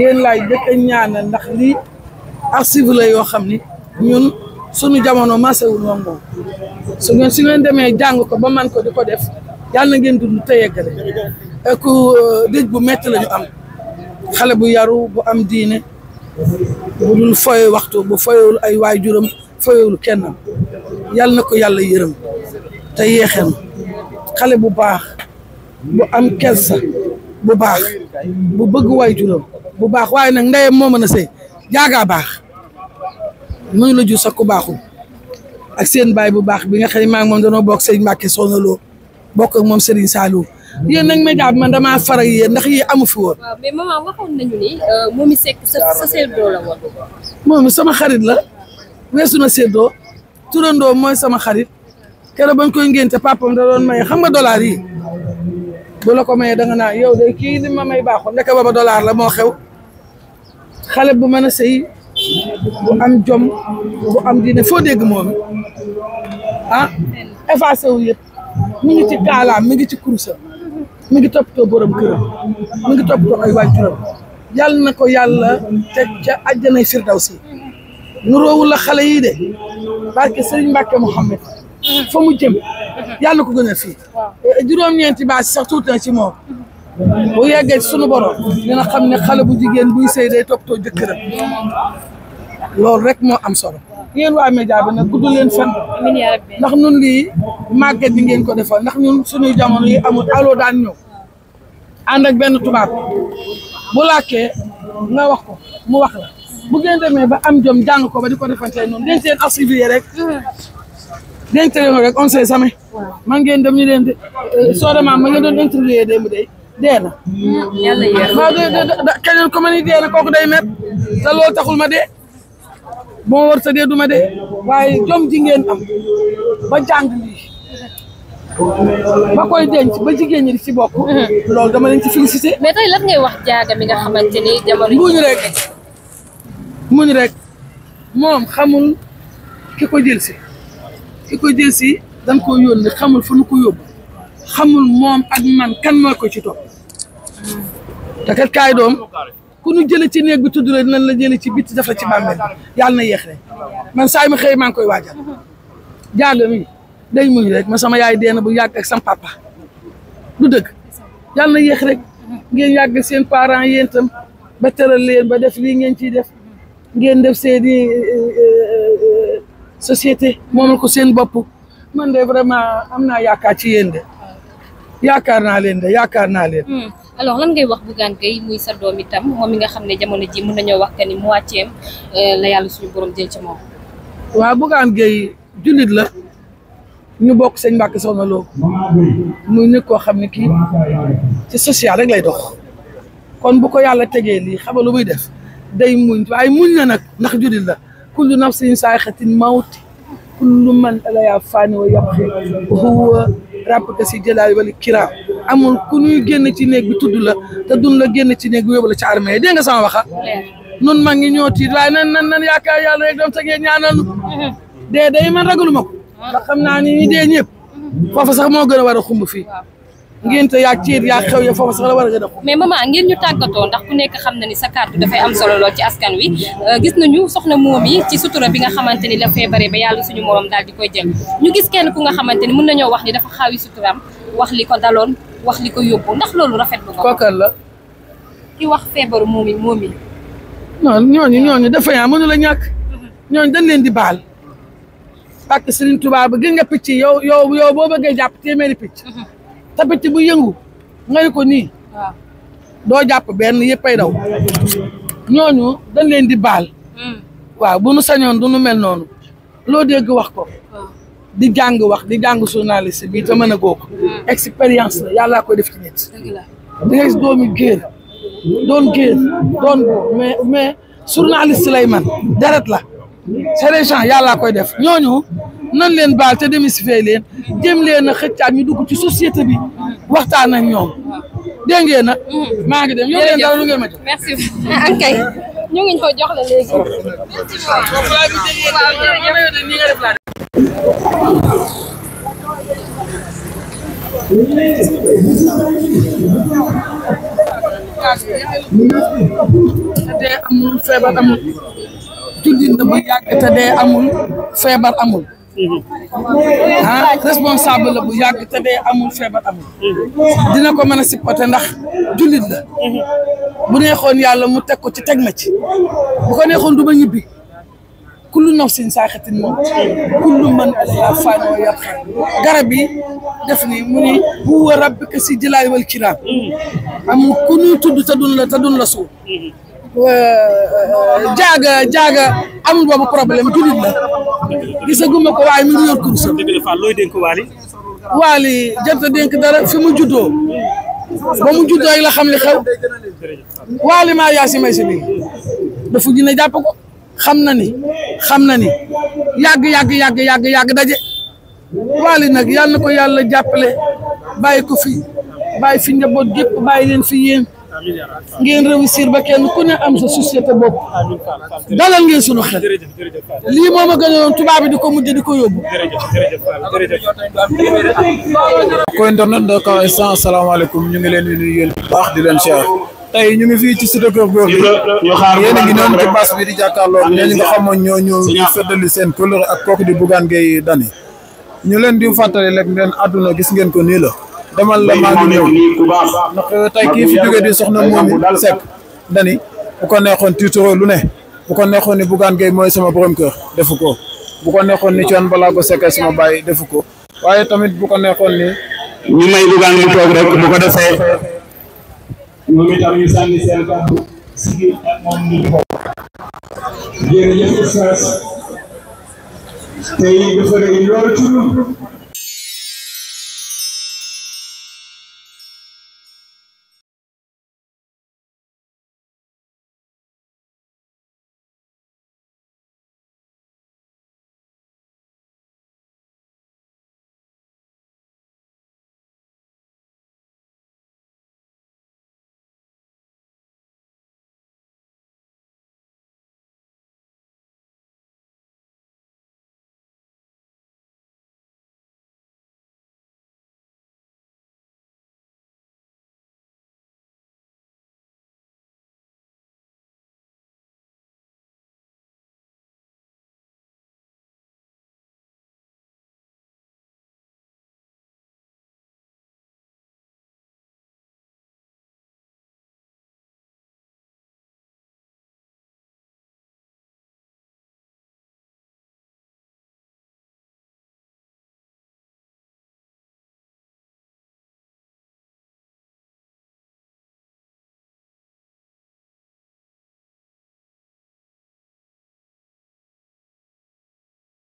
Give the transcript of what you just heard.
yéen laay jëkk ñaan ñaanal ndax lii archive la yoo xam ni ñun sunu jamono masewul woon moom su ngeen su demee jàng ko ba man ko di ko def yàlla na ngeen dund te yeggale ak euh, dëj bu metti la ñu am xale bu yaru bu am diine bu dul foye waxtu bu foyewul ay waajuram foyewul kennam yàlla na ko yàlla yërëm te yeexem xale bu baax bu am kersa bu baax bu bëgg waajuram bu baax waaye nag ndeyam moo mën a sëy jaagaa baax mënu la ju sax ku baaxul ak seen baay bu baax bi nga xam ne maa moom danoo bok sëriñ Mbàkke Soxna Lo bokk moom sëriñ Saliou yéen nag ma jàpp man ma faral yéen ndax yi amu fi woon. waaw mais maman waxoon euh, moom i sa sa seddoo la woon. moom sama xarit la weesu na seddoo turandoo mooy sama xarit keroog bañ koy ngénte papam da doon maye xam nga dollar yi. bu la ko mayee da nga yow de kii li ma may baaxoon ndeke booba dollar la moo xew xale bu mën a sey bu am jom bu am diine foo dégg moom ah effacé wu yëpp mi ngi ci kaalaam mi ngi ci kursa mi ngi toppatoo borom këram mi ngi toppatoo ay waajuram yàlla na ko yàlla teg ca àjjanay firdawsi nuróowul la xale yii de barke Sëriñ Mbàkke Muhammad fa mu jëm yàlla ko gën a fii juróom-ñeenti baas sax tuuti na ci moom bu yeggee sunu borom dina xam ne xale bu jigéen buy sëy day toppatoo jëkkëram loolu rek moo am solo yéen waa média bi nag gudd leen fan ndax ñun lii màgget bi ngeen ko defal ndax ñun suñuy jamono yi amul aloo daan ñëw ànd ak benn tubaab bu làkkee nga wax ko mu wax la bu ngeen demee ba am jom jàng ko ba di ko defantee noonu ngeen seen assuivi rek mm. denc leen rek on sait man ngeen dem ñu leen di euh, soo demee ma nga doon interview démb de dee na. yàlla yàlla waaw de de de keneen ni dee kooku day met te loolu taxul ma de moo war sa dee du ma dee waaye jom ji ngeen am ba jàng lii ba koy denc ba jigéen ñi di ci bokk. loolu dama leen ci félicité. mais tey lan ngay wax jaaga mi nga xamante ni jamono muñ rek muñ rek moom xamul ki ko jël si. ki koy jël si dañ koo yónni xamul fu nu ko yóbbu xamul moom ak man kan moo ko ci topp te kat kaay doom ku nu jële ci néeg bi tudd la dinañ la jële ci bitti dafa ci bàmmeel yàlla na yéex rek man saa yu ma xëy maa ngi koy waajal jaalo mi day muñ rek ma sama yaay dee na bu yàgg ak sam papa du dëgg yàlla na yéex rek ngeen yàgg seen parents yéen tam ba tëral leen ba def lii ngeen ciy def ngeen def seeni société momal ko sen bop man de vraiment amna naa ci yende de na len leen de yaakaar naa leen. Hmm. alors lan ngay wax bu gan kay muy sa domi tam momi nga xam jamono ji mën nañoo wax que ni euh, la yalla suñu borom jël ci mom wa bu gan gay julit la ñu bok señ mbak Soxna Lo muy nit ko xam ki ci social rek lay dox kon bu ko yalla tegee lii xam lu muy def day muñ waaye muñ na nak ndax julit la. kullu nafsin saaxatin mawti kullu man alaya faani wa yabqi huwa rabbika si jalaali wal kiraam amul ku ñuy génn ci néeg bi tudd la te duñ la génn ci néeg bi ci armée yi dégg nga sama waxa nun maa gi ñoo tiit waaye nan nan nan yaakaar yàlla rek doon tege ñaanal dee day man ragaluma ko ndax naa ni ñi dee ñëpp foofu sax moo gën a war a xumb fii ngénte yaa ciit yaa xew ya foofu sax la war a gën a mais maman ngeen ñu tàggatoo ndax ku nekk xam na ni sa kàddu dafay am solo ci askan wi euh, gis nañu soxna moom yi ci sutura bi nga xamante ni la feebare ba yàlla suñu morom daal di koy jël ñu gis kenn ku nga xamante ni mën nañoo wax ni dafa xaawi suturam wax li ko daloon wax li ko yóbbu ndax loolu rafet bu ko kookal la ki wax feebaru moom yi moom yi non ñooñu ñooñu dafa yaa mënu la ñàkk mhm. ñooñu dañ leen di baal parce que Serigne Touba ba gën nga picc yow yow yow boo bëggee jàpp téeméeri picc mhm. tapis bu yëngu ngay ko nii doo jàpp benn yëppay daw ñooñu dañ leen di baal hmm. waaw bu nu sañoon du mel noonu loo dégg wax ko di jàng wax di jàng journaliste bi te mën a góog hmm. expérience la yàllaa koy def ci nit di nga gis doomi géer doon géer doon góor mais mais journaliste lay man deret la c'est des laa yàllaa koy def ñooñu nan leen baal te démystifier leen jëm leen a xëccaat ñu dugg ci société bi waxtaan ak ñoom dégg ngeen mm-hmm. maa ngi dem yow leen ngi ko jox la léegi. amul feebar amul. jullit na bu yàgg te dee amul feebar amul. ah responsable la bu yàgg te dee amul feebar amul dina ko mën a supporter ndax jullit la bu neexoon yàlla mu teg ko ci teg na ci bu ko neexoon du ma ñibbi kullu nafsin saaxatin moom kullu man alayha faan wa garab yi def ni mu ni huwa rabbika si jëlaay wal kiraam amul ku ñuy tudd te dun la te dun jaaga jaaga amul boobu problème jullit la gisaguma ko waaye mi ngi yor kurusam. dëgg la Fall dénk Waly. Waly dara fi mu juddoo ba mu juddoo yi la xam li xew Waly maa yaa may si biir dafa gën jàpp ko xam na ni xam na ni yàgg yàgg yàgg yàgg yàgg daje Waly nag yal na ko yàlla jàppale bàyyi ko fi bàyyi fi njaboot gépp bàyyi leen fi yéen. Ya ngeen réussir ba kenn ku ne am sa société bopp dalal ngeen sunu xel li moma gëna won tuba bi diko mujj diko yobbu ko internet da ka instant alaykum ñu ngi leen ñu yel yéen baax di leen cheikh tay ñu ngi fi ci Cité Keur ñu xaar a ngi non ci bas bi di jakarlo ñu nga xamoon ñoo ñu feddali seen couleur ak kooku di bugan Gueye Dany ñu leen di fatale lek ngeen aduna gis ngeen ko ni la demal la maa ngi ñëw ndax euh, kii fi jógee di soxna Momy Seck dani bu ko neexoon tiituroo lu ne bu ko neexoon ni Bougane Gueye mooy sama borom kër defu ko bu ko neexoon ni Thione Ballago Seck sama baay defu ko waaye tamit bu ko neexoon ni ñu may Bougane mu toog rek bu ko defee